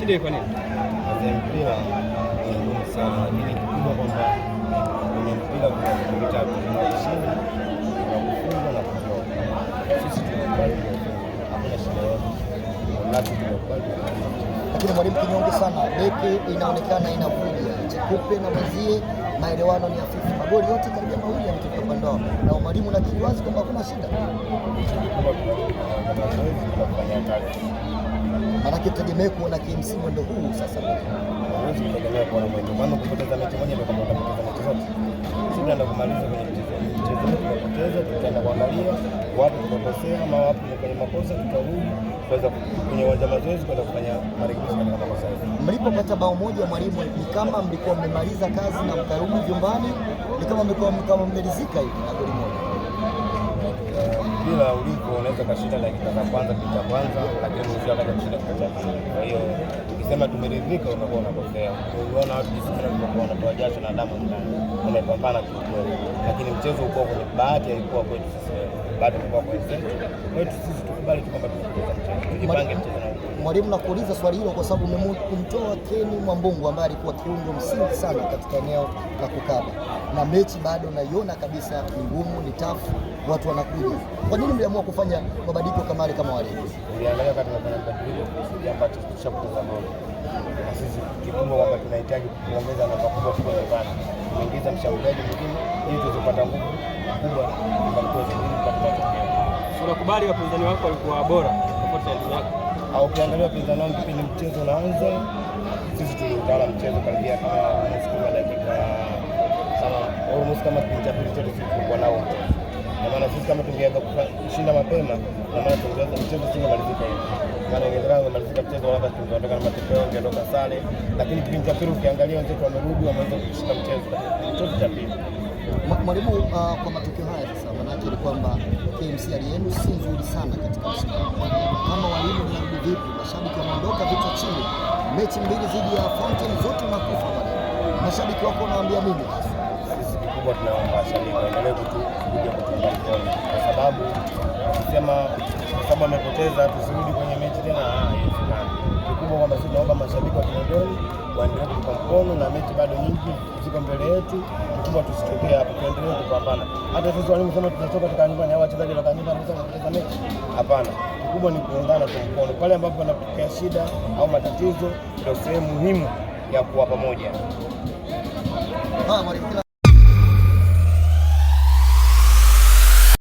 Shida iko nini? Mpira ni ngumu sana, lakini kikubwa kwamba kwenye mpira kuna vitu vitatu: kuna heshima, kuna kufunga na kutoa. Sisi tunakubali, hakuna shida yote, lakini mwalimu kinyonge sana. Beki inaonekana inavuja Chikupe na mwenzie, maelewano ni hafifu, magoli yote karibia mawili yametoka upande wao na mwalimu, na kiwazi kwamba hakuna shida kuna kazi manake tutegemee kuona KMC mwendo huu sasa. kuona mwendo, maana moja Sisi kwenye mchezo mchezo tutaenda kuangalia wapi tukakosea au wapi tumefanya makosa, tutarudi kwenye uwanja mazoezi kwenda kufanya marekebisho Mlipopata bao moja, mwalimu, ni kama mlikuwa mmemaliza kazi na mkarudi nyumbani, ni kama mlikuwa mmeridhika hivi na goli moja bila ulipo unaweza kashinda dakika za kwanza, dakika kwanza, lakini usiakaja kashinda pili. Kwa hiyo ukisema tumeridhika unakuwa unakosea. Uliona watu jinsi gani wanavyokuwa wanatoa jasho na damu ndani, wamepambana kiukweli, lakini mchezo uko kwenye bahati, haikuwa kwetu sisi, bahati ilikuwa kwa wenzetu. Kwetu sisi tukubali tu kwamba tunapoteza mchezo, tujipange mchezo na Mwalimu, nakuuliza swali hilo kwa sababu umemtoa Keni Mwambungu ambaye alikuwa kiungo msingi sana katika eneo la kukaba, na mechi bado naiona kabisa ni ngumu, ni tafu, watu wanakuja. Kwa nini mliamua kufanya mabadiliko kama wale kama wale? Uliangalia wakati ya mabadiliko, kusudi ambacho tushakutazama na sisi kikubwa kwamba tunahitaji kuongeza namba kubwa kubwa nyumbani, kuingiza mshambuliaji mwingine ili tuzipata nguvu kubwa unakubali wapinzani wako walikuwa bora au ukiangalia wapinzani wangu kipindi mchezo unaanza, sisi tuliutawala mchezo karibia kama dakika kama kipindi cha pili chetu tulikuwa na kama tungeanza kushinda mapema, na maana tungeanza mchezo malizika hivi, maana ingeanza malizika mchezo labda tungeondoka na matokeo, ungeondoka sare, lakini kipindi cha pili ukiangalia wenzetu wamerudi, wameweza kushinda mchezo Kipindi cha pili. Mwalimu, uh, kwa matokeo haya sasa, maana yake ni kwamba KMC alienu si nzuri sana katika msimu kama walimu narudi vipi, mashabiki wanaondoka vichwa chini, mechi mbili dhidi ya Fountain zote makufa mwalimu, mashabiki wako mimi sasa. Sisi kikubwa tunaomba mashabiki waendelee kutu kuja kutuunga mkono sababu kusema kwa sababu amepoteza tusirudi kwenye mechi tena. Ah, kikubwa kwamba sisi tunaomba mashabiki wa Kinondoni waendelee kutupa mkono, na mechi bado nyingi ziko mbele yetu. Kikubwa tusitokee hapo, tuendelee kupambana. Hata sisi walimu sema tunatoka katika nyumbani, hao wachezaji wa Kanyumba wanaweza kupoteza mechi? Hapana, kikubwa ni kuungana kwa mkono pale ambapo wanapokea shida au matatizo, ndio sehemu muhimu ya kuwa pamoja.